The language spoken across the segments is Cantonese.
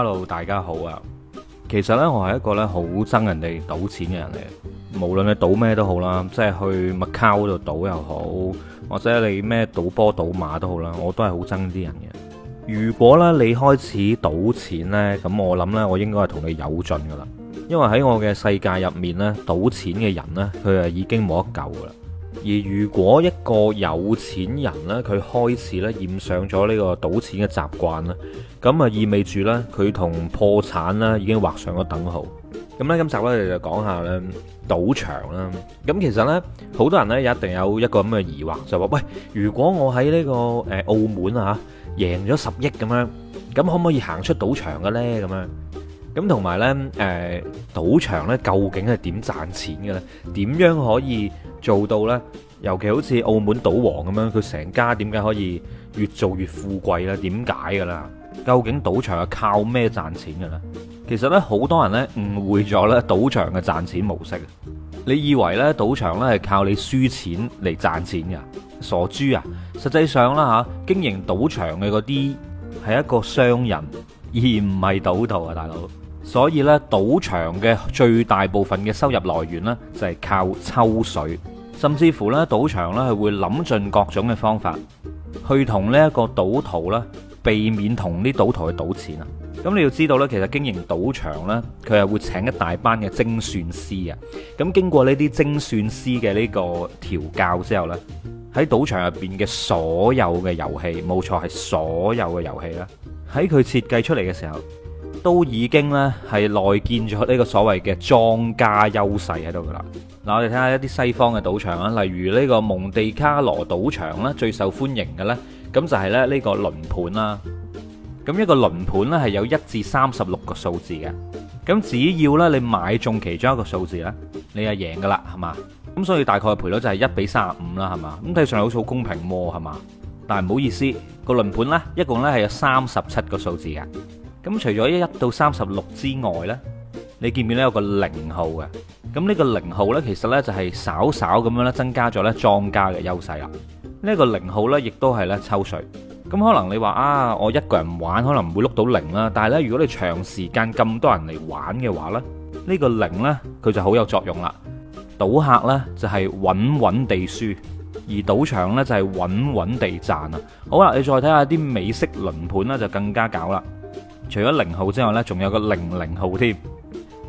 Hello，大家好啊！其實呢，我係一個呢好憎人哋賭錢嘅人嚟嘅。無論你賭咩都好啦，即係去麥卡嗰度賭又好，或者你咩賭波賭馬都好啦，我都係好憎啲人嘅。如果呢你開始賭錢呢，咁我諗呢，我應該係同你有盡㗎喇。因為喺我嘅世界入面呢，賭錢嘅人呢，佢係已經冇得救㗎喇。而如果一個有錢人呢，佢開始呢染上咗呢個賭錢嘅習慣咧，咁啊意味住呢，佢同破產啦已經畫上咗等號。咁呢，今集咧就講下咧賭場啦。咁其實呢，好多人呢一定有一個咁嘅疑惑，就話喂，如果我喺呢個誒澳門啊吓，贏咗十億咁樣，咁可唔可以行出賭場嘅呢？咁樣。咁同埋呢，誒，賭場咧究竟係點賺錢嘅咧？點樣可以做到呢？尤其好似澳門賭王咁樣，佢成家點解可以越做越富貴咧？點解嘅啦？究竟賭場係靠咩賺錢嘅咧？其實呢，好多人呢誤會咗呢賭場嘅賺錢模式。你以為呢賭場呢係靠你輸錢嚟賺錢嘅？傻豬啊！實際上啦嚇，啊，經營賭場嘅嗰啲係一個商人，而唔係賭徒啊，大佬。所以咧，賭場嘅最大部分嘅收入來源咧，就係靠抽水。甚至乎咧，賭場咧係會諗盡各種嘅方法，去同呢一個賭徒咧避免同啲賭徒去賭錢啊。咁你要知道咧，其實經營賭場咧，佢係會請一大班嘅精算師啊。咁經過呢啲精算師嘅呢個調教之後咧，喺賭場入邊嘅所有嘅遊戲，冇錯係所有嘅遊戲啦。喺佢設計出嚟嘅時候，都已經呢係內建咗呢個所謂嘅莊家優勢喺度噶啦。嗱，我哋睇下一啲西方嘅賭場啊，例如呢個蒙地卡羅賭場呢，最受歡迎嘅呢，咁就係咧呢個輪盤啦。咁一個輪盤呢係有一至三十六個數字嘅。咁只要呢你買中其中一個數字呢，你就贏噶啦，係嘛？咁所以大概賠率就係一比三十五啦，係嘛？咁睇上嚟好似好公平喎，係嘛？但係唔好意思，個輪盤呢一共呢係有三十七個數字嘅。咁除咗一一到三十六之外咧，你見唔見咧有個零號嘅？咁呢個零號咧，其實咧就係稍稍咁樣咧增加咗咧莊家嘅優勢啦。呢個零號咧，亦都係咧抽水。咁可能你話啊，我一個人玩可能唔會碌到零啦，但係咧如果你長時間咁多人嚟玩嘅話咧，呢個零咧佢就好有作用啦。賭客咧就係穩穩地輸，而賭場咧就係穩穩地賺啊。好啦，你再睇下啲美式輪盤咧，就更加搞啦。除咗零號之外咧，仲有個零零號添。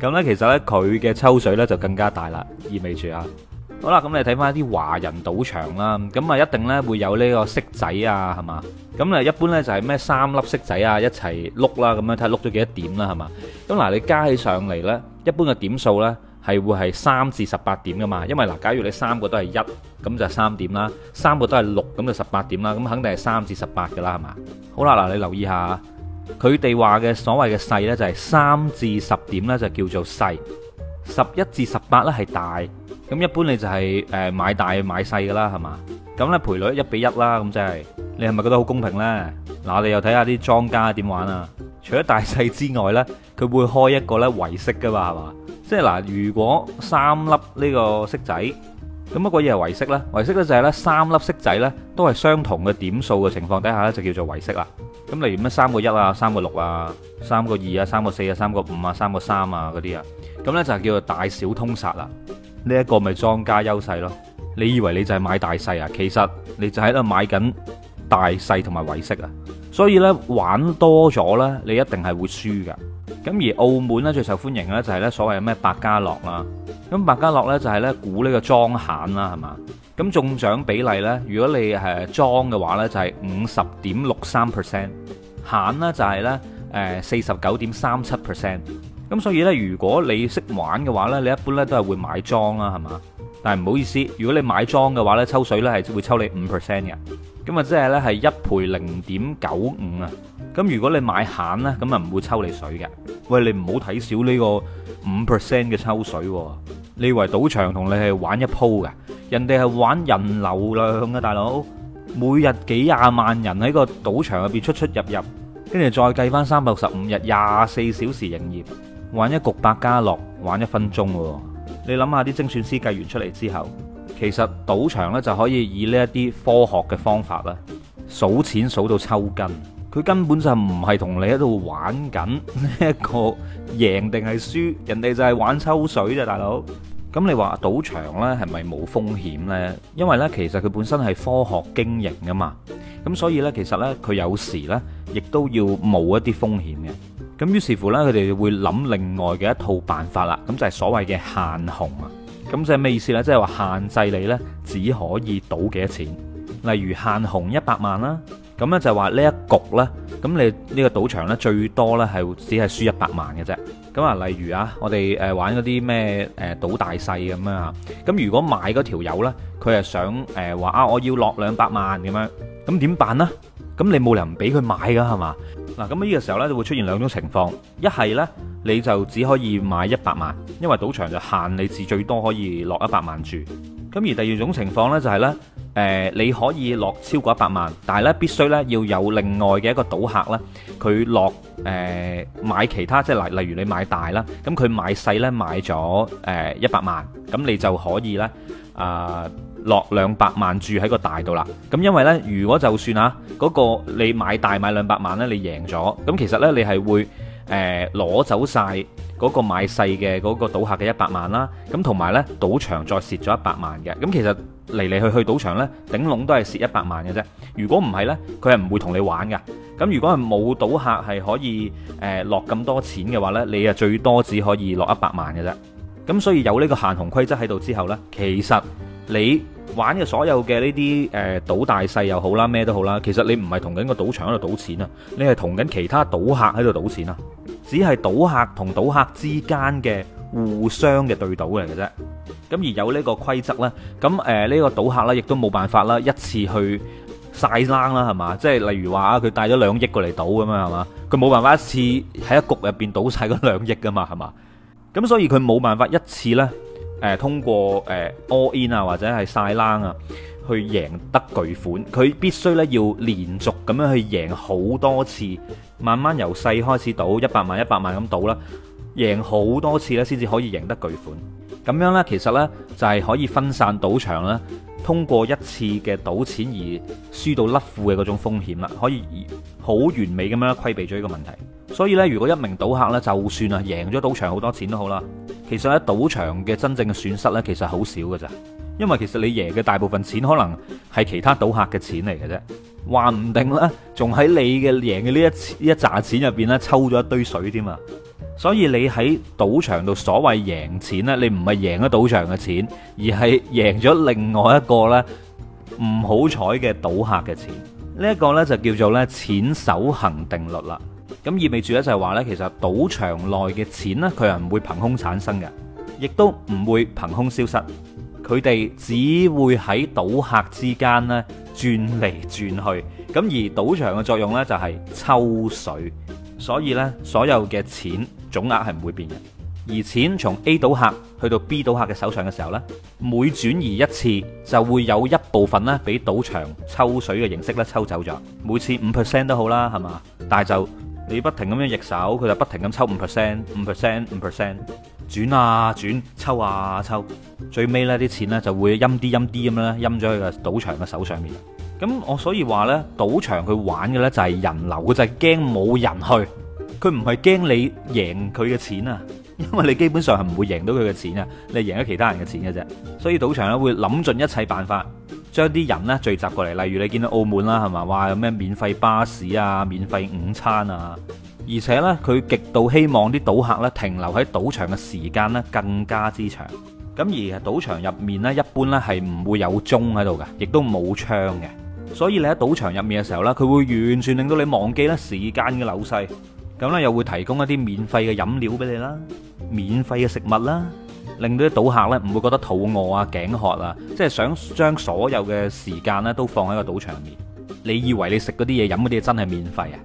咁咧，其實咧佢嘅抽水咧就更加大啦，意味住啊。好啦，咁你睇翻一啲華人賭場啦。咁啊，一定咧會有呢個骰仔啊，係嘛？咁啊，一般咧就係咩三粒骰仔啊一齊碌啦，咁樣睇下碌咗幾多點啦，係嘛？咁嗱，你加起上嚟咧，一般嘅點數咧係會係三至十八點噶嘛。因為嗱，假如你三個都係一，咁就三點啦；三個都係六，咁就十八點啦。咁肯定係三至十八噶啦，係嘛？好啦，嗱，你留意下。佢哋話嘅所謂嘅細呢，就係三至十點呢，就叫做細，十一至十八呢，係大，咁一般你就係誒買大買細噶啦係嘛，咁呢，賠率一比一啦、就係，咁即係你係咪覺得好公平呢？嗱，你又睇下啲莊家點玩啊？除咗大細之外呢，佢會開一個呢圍色噶嘛係嘛，即係嗱，如果三粒呢個色仔。咁乜嘢係圍色啦，圍色咧就係呢三粒色仔呢，都係相同嘅點數嘅情況底下呢，就叫做圍色啦。咁例如咩三個一啊，三個六啊，三個二啊，三個四啊，三個五啊，三個三啊嗰啲啊，咁呢就係叫做大小通殺啦。呢一個咪莊家優勢咯。你以為你就係買大細啊？其實你就喺度買緊大細同埋圍色啊。所以呢，玩多咗呢，你一定係會輸噶。咁而澳門咧最受歡迎咧就係咧所謂咩百家樂啦，咁百家樂咧就係咧估呢個莊閒啦，係嘛？咁中獎比例咧，如果你係莊嘅話咧，就係五十點六三 percent，閒咧就係咧誒四十九點三七 percent。咁所以咧，如果你識玩嘅話咧，你一般咧都係會買莊啦，係嘛？但係唔好意思，如果你買莊嘅話咧，抽水咧係會抽你五 percent 嘅，咁啊即係咧係一賠零點九五啊！咁如果你買閒呢，咁啊唔會抽你水嘅。喂，你唔好睇少呢個五 percent 嘅抽水喎。你以為賭場同你係玩一鋪㗎，人哋係玩人流量嘅，大佬每日幾廿萬人喺個賭場入邊出出入入，跟住再計翻三百六十五日廿四小時營業，玩一局百家樂，玩一分鐘。你諗下啲精算師計完出嚟之後，其實賭場呢就可以以呢一啲科學嘅方法咧，數錢數到抽筋。佢根本就唔係同你喺度玩緊呢一個贏定係輸，人哋就係玩抽水咋，大佬。咁你話賭場呢係咪冇風險呢？因為呢其實佢本身係科學經營噶嘛，咁所以呢其實呢佢有時呢亦都要冒一啲風險嘅。咁於是乎呢佢哋會諗另外嘅一套辦法啦，咁就係所謂嘅限紅啊。咁即係咩意思呢？即係話限制你呢只可以賭幾多錢，例如限紅一百萬啦。咁咧就話呢一局呢，咁你呢個賭場呢，最多呢係只係輸一百萬嘅啫。咁啊，例如啊，我哋誒玩嗰啲咩誒賭大細咁樣啊，咁如果買嗰條友呢，佢係想誒話啊，呃、我要落兩百萬咁樣，咁點辦呢？咁你冇理由唔俾佢買噶係嘛？嗱，咁呢個時候呢，就會出現兩種情況，一係呢，你就只可以買一百萬，因為賭場就限你至最多可以落一百萬注。咁而第二種情況呢，就係、是、呢。誒、呃、你可以落超過一百萬，但係咧必須咧要有另外嘅一個賭客咧，佢落誒買其他，即係例例如你買大啦，咁佢買細咧買咗誒一百萬，咁你就可以咧啊、呃、落兩百萬住喺個大度啦。咁因為咧，如果就算啊嗰、嗰個你買大買兩百萬咧，你贏咗，咁其實咧你係會誒攞、呃、走晒。嗰個買細嘅嗰個賭客嘅一百萬啦，咁同埋呢賭場再蝕咗一百萬嘅，咁其實嚟嚟去去賭場呢，頂籠都係蝕一百萬嘅啫。如果唔係呢，佢係唔會同你玩噶。咁如果係冇賭客係可以誒落咁多錢嘅話呢，你啊最多只可以落一百萬嘅啫。咁所以有呢個限紅規則喺度之後呢，其實你玩嘅所有嘅呢啲誒賭大細又好啦，咩都好啦，其實你唔係同緊個賭場喺度賭錢啊，你係同緊其他賭客喺度賭錢啊。只係賭客同賭客之間嘅互相嘅對賭嚟嘅啫，咁而有呢個規則咧，咁誒呢個賭客咧亦都冇辦法啦，一次去曬冷啦，係嘛？即係例如話啊，佢帶咗兩億過嚟賭咁啊，係嘛？佢冇辦法一次喺一局入邊賭曬嗰兩億噶嘛，係嘛？咁所以佢冇辦法一次咧誒通過誒 all in 啊或者係曬冷啊。去贏得巨款，佢必須咧要連續咁樣去贏好多次，慢慢由細開始賭一百萬、一百萬咁賭啦，贏好多次咧先至可以贏得巨款。咁樣呢，其實呢，就係可以分散賭場咧，通過一次嘅賭錢而輸到甩褲嘅嗰種風險啦，可以好完美咁樣規避咗呢個問題。所以呢，如果一名賭客呢，就算啊贏咗賭場好多錢都好啦，其實喺賭場嘅真正嘅損失呢，其實好少㗎咋。因為其實你贏嘅大部分錢，可能係其他賭客嘅錢嚟嘅啫，話唔定呢，仲喺你嘅贏嘅呢一一揸錢入邊咧，抽咗一堆水添啊。所以你喺賭場度所謂贏錢咧，你唔係贏咗賭場嘅錢，而係贏咗另外一個呢唔好彩嘅賭客嘅錢。呢一個呢就叫做呢錢守恆定律啦。咁意味住呢就係話呢，其實賭場內嘅錢呢，佢係唔會憑空產生嘅，亦都唔會憑空消失。佢哋只會喺賭客之間咧轉嚟轉去，咁而賭場嘅作用咧就係抽水，所以咧所有嘅錢總額係唔會變嘅。而錢從 A 賭客去到 B 賭客嘅手上嘅時候咧，每轉移一次就會有一部分咧俾賭場抽水嘅形式咧抽走咗，每次五 percent 都好啦，係嘛？但係就你不停咁樣易手，佢就不停咁抽五 percent、五 percent、五 percent，轉啊轉，抽啊抽。最尾呢啲錢呢，就會陰啲陰啲咁啦，咧，陰咗喺個賭場嘅手上面。咁我所以話呢，賭場佢玩嘅呢，就係人流，佢就係驚冇人去，佢唔係驚你贏佢嘅錢啊，因為你基本上係唔會贏到佢嘅錢啊，你係贏咗其他人嘅錢嘅啫。所以賭場咧會諗盡一切辦法，將啲人呢聚集過嚟。例如你見到澳門啦，係咪話有咩免費巴士啊，免費午餐啊，而且呢，佢極度希望啲賭客呢停留喺賭場嘅時間呢更加之長。咁而啊，賭場入面呢，一般呢係唔會有鐘喺度嘅，亦都冇窗嘅。所以你喺賭場入面嘅時候呢，佢會完全令到你忘記咧時間嘅流逝。咁呢又會提供一啲免費嘅飲料俾你啦，免費嘅食物啦，令到啲賭客呢唔會覺得肚餓啊、頸渴啊，即係想將所有嘅時間呢都放喺個賭場入面。你以為你食嗰啲嘢、飲嗰啲嘢真係免費啊？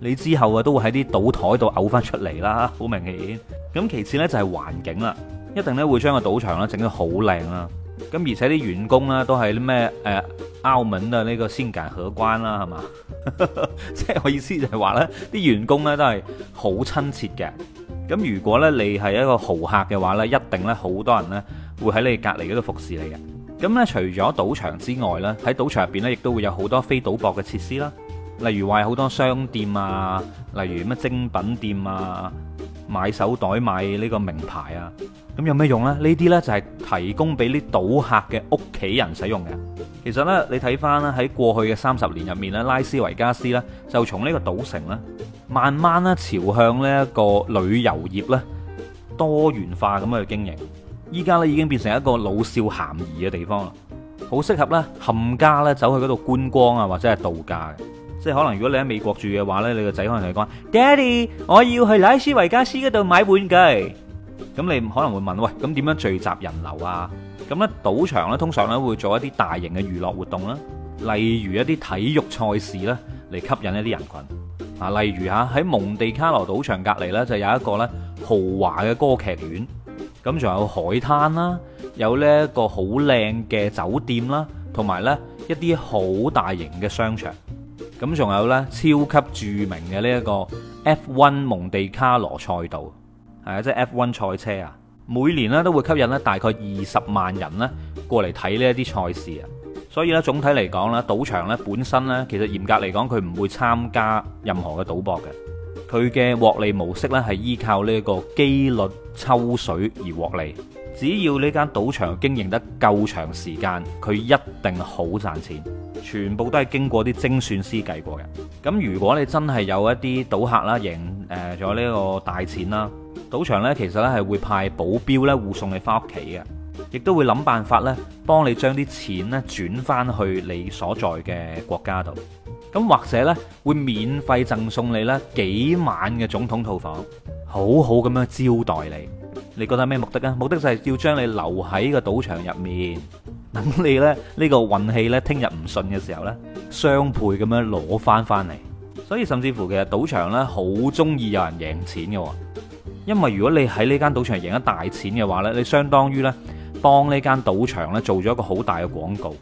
你之後啊都會喺啲賭台度嘔翻出嚟啦，好明顯。咁其次呢就係環境啦。一定咧會將個賭場咧整到好靚啦，咁而且啲員工咧都係啲咩誒澳門啊呢個先級客官啦，係嘛？即 係我意思就係話呢啲員工咧都係好親切嘅。咁如果呢，你係一個豪客嘅話咧，一定呢好多人咧會喺你隔離嗰度服侍你嘅。咁呢，除咗賭場之外呢，喺賭場入邊呢，亦都會有好多非賭博嘅設施啦，例如話好多商店啊，例如咩精品店啊。買手袋買呢個名牌啊，咁有咩用呢？呢啲呢就係提供俾啲賭客嘅屋企人使用嘅。其實呢，你睇翻咧喺過去嘅三十年入面咧，拉斯維加斯呢就從呢個賭城咧，慢慢咧朝向呢一個旅遊業咧多元化咁去經營。依家呢已經變成一個老少咸宜嘅地方啦，好適合呢冚家咧走去嗰度觀光啊，或者係度假嘅。即係可能如果你喺美國住嘅話呢你個仔可能就講：Daddy，我要去拉斯維加斯嗰度買玩具。咁你可能會問：喂，咁點樣聚集人流啊？咁呢，賭場呢通常呢會做一啲大型嘅娛樂活動啦，例如一啲體育賽事啦，嚟吸引一啲人群。啊，例如吓，喺蒙地卡羅賭場隔離呢，就有一個呢豪華嘅歌劇院，咁仲有海灘啦，有呢一個好靚嘅酒店啦，同埋呢一啲好大型嘅商場。咁仲有呢，超級著名嘅呢一個 F1 蒙地卡羅賽道，係啊，即係 F1 賽車啊，每年呢，都會吸引呢大概二十萬人呢過嚟睇呢一啲賽事啊。所以呢，總體嚟講呢，賭場呢本身呢，其實嚴格嚟講，佢唔會參加任何嘅賭博嘅，佢嘅獲利模式呢，係依靠呢一個機率抽水而獲利。只要呢間賭場經營得夠長時間，佢一定好賺錢。全部都係經過啲精算師計過嘅。咁如果你真係有一啲賭客啦，贏誒咗呢個大錢啦，賭場呢其實，咧係會派保鏢呢護送你翻屋企嘅，亦都會諗辦法呢幫你將啲錢呢轉翻去你所在嘅國家度。咁或者呢會免費贈送你呢幾晚嘅總統套房，好好咁樣招待你。你覺得咩目的啊？目的就係要將你留喺個賭場入面。 你咧呢、這個呢個運氣咧，聽日唔順嘅時候呢雙倍咁樣攞翻翻嚟，所以甚至乎其實賭場呢好中意有人贏錢嘅，因為如果你喺呢間賭場贏一大錢嘅話呢，你相當於呢幫呢間賭場咧做咗一個好大嘅廣告。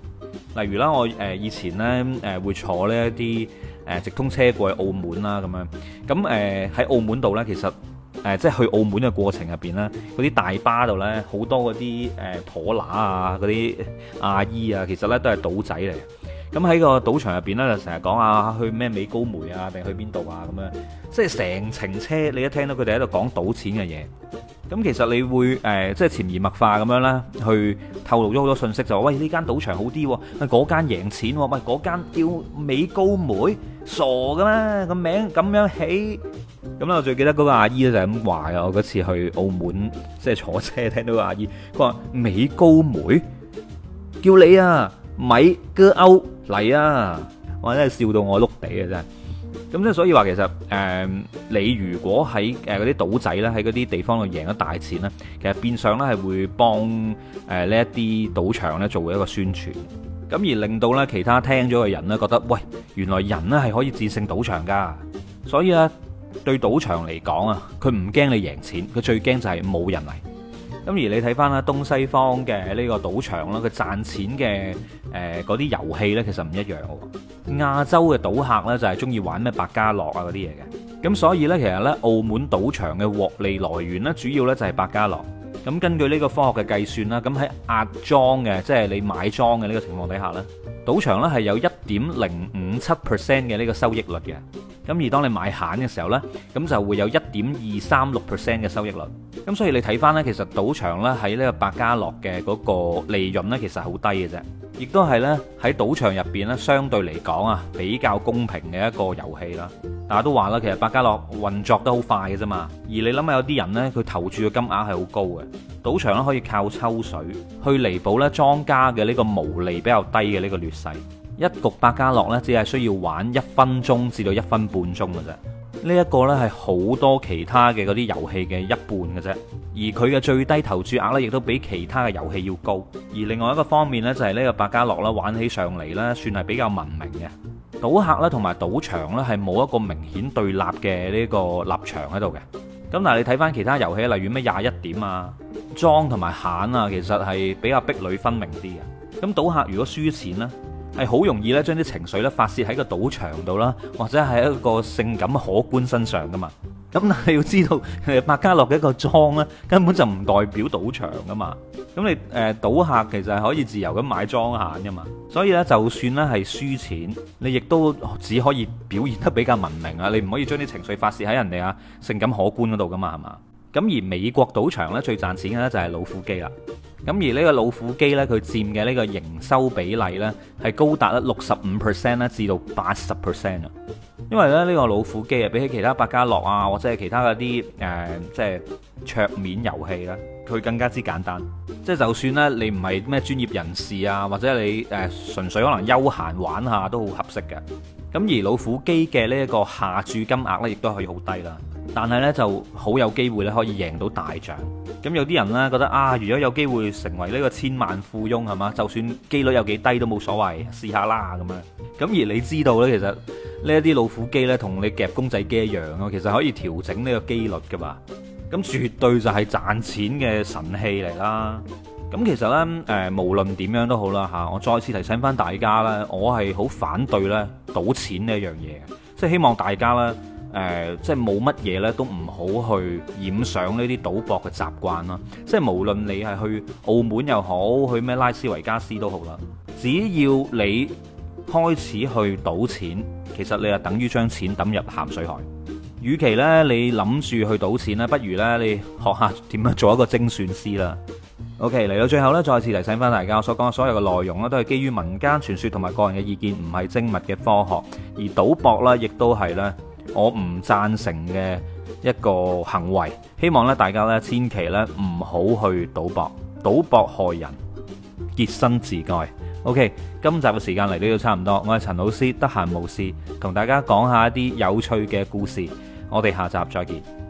例如啦，我誒以前呢誒、呃、會坐呢一啲誒直通車過去澳門啦咁樣，咁誒喺澳門度呢其實。誒，即係去澳門嘅過程入邊咧，嗰啲大巴度咧，好多嗰啲誒婆乸啊，嗰啲阿姨啊，其實咧都係賭仔嚟。咁喺個賭場入邊咧，就成日講啊，去咩美高梅啊，定去邊度啊咁樣。即係成程車，你一聽到佢哋喺度講賭錢嘅嘢，咁其實你會誒、呃，即係潛移默化咁樣啦，去透露咗好多信息，就話喂呢間賭場好啲、啊，喂嗰間贏錢、啊，喂嗰間叫美高梅，傻噶嘛個名咁樣起。咁啦、嗯，我最記得嗰個阿姨咧就係咁話啊。我嗰次去澳門，即係坐車聽到個阿姨，佢話美高梅叫你啊，米哥歐嚟啊，我真係笑到我碌地嘅啫。咁即係所以話，其實誒、呃、你如果喺誒嗰啲賭仔咧，喺嗰啲地方度贏咗大錢咧，其實變相咧係會幫誒呢一啲賭場咧做一個宣傳，咁而令到咧其他聽咗嘅人咧覺得，喂，原來人咧係可以戰勝賭場噶，所以咧。對賭場嚟講啊，佢唔驚你贏錢，佢最驚就係冇人嚟。咁而你睇翻啦，東西方嘅呢個賭場啦，佢賺錢嘅誒嗰啲遊戲呢，其實唔一樣喎。亞洲嘅賭客呢，就係中意玩咩百家樂啊嗰啲嘢嘅。咁所以呢，其實呢，澳門賭場嘅獲利來源呢，主要呢就係百家樂。咁根據呢個科學嘅計算啦，咁喺壓莊嘅，即係你買莊嘅呢個情況底下呢，賭場呢係有一點零五七 percent 嘅呢個收益率嘅。咁而當你買閒嘅時候呢，咁就會有一點二三六 percent 嘅收益率。咁所以你睇翻呢，其實賭場咧喺呢個百家樂嘅嗰個利潤呢，其實好低嘅啫。亦都係呢喺賭場入邊呢，相對嚟講啊，比較公平嘅一個遊戲啦。大家都話啦，其實百家樂運作得好快嘅啫嘛。而你諗下有啲人呢，佢投注嘅金額係好高嘅，賭場咧可以靠抽水去彌補呢莊家嘅呢個毛利比較低嘅呢個劣勢。一局百家樂咧，只係需要玩一分鐘至到一分半鐘嘅啫。呢一個咧係好多其他嘅嗰啲遊戲嘅一半嘅啫。而佢嘅最低投注額呢亦都比其他嘅遊戲要高。而另外一個方面呢，就係呢個百家樂咧，玩起上嚟呢，算係比較文明嘅。賭客咧同埋賭場呢，係冇一個明顯對立嘅呢個立場喺度嘅。咁嗱，你睇翻其他遊戲，例如咩廿一點啊、莊同埋閒啊，其實係比較壁壘分明啲嘅。咁賭客如果輸錢呢，係好容易咧，將啲情緒咧發泄喺個賭場度啦，或者係一個性感荷官身上噶嘛。咁你要知道，百家樂嘅一個莊咧，根本就唔代表賭場噶嘛。咁你誒賭客其實係可以自由咁買莊閒噶嘛。所以咧，就算咧係輸錢，你亦都只可以表現得比較文明啊！你唔可以將啲情緒發泄喺人哋啊，性感荷官嗰度噶嘛，係咪？咁而美國賭場咧最賺錢嘅咧就係老虎機啦。咁而呢個老虎機呢，佢佔嘅呢個營收比例呢，係高達咧六十五 percent 啦，至到八十 percent 啦。因為咧呢個老虎機啊，比起其他百家樂啊，或者係其他嗰啲誒即係桌面遊戲咧，佢更加之簡單。即係就算呢，你唔係咩專業人士啊，或者你誒純粹可能休閒玩下都好合適嘅。咁而老虎機嘅呢一個下注金額呢，亦都可以好低啦。但係呢就好有機會咧可以贏到大獎，咁有啲人呢，覺得啊，如果有機會成為呢個千萬富翁係嘛，就算機率有幾低都冇所謂，試下啦咁樣。咁而你知道呢，其實呢啲老虎機呢，同你夾公仔機一樣啊，其實可以調整呢個機率㗎嘛。咁絕對就係賺錢嘅神器嚟啦。咁其實呢，誒、呃，無論點樣都好啦嚇，我再次提醒返大家咧，我係好反對呢賭錢呢一樣嘢，即、就、係、是、希望大家咧。誒、呃，即係冇乜嘢咧，都唔好去染上呢啲賭博嘅習慣啦。即係無論你係去澳門又好，去咩拉斯維加斯都好啦。只要你開始去賭錢，其實你係等於將錢抌入鹹水海。與其呢，你諗住去賭錢呢，不如呢，你學下點樣做一個精算師啦。OK，嚟到最後呢，再次提醒翻大家，我所講所有嘅內容咧，都係基於民間傳說同埋個人嘅意見，唔係精密嘅科學。而賭博咧，亦都係呢。我唔贊成嘅一個行為，希望咧大家咧千祈咧唔好去賭博，賭博害人，潔身自愛。OK，今集嘅時間嚟到差唔多，我係陳老師，得閒無事同大家講下一啲有趣嘅故事，我哋下集再見。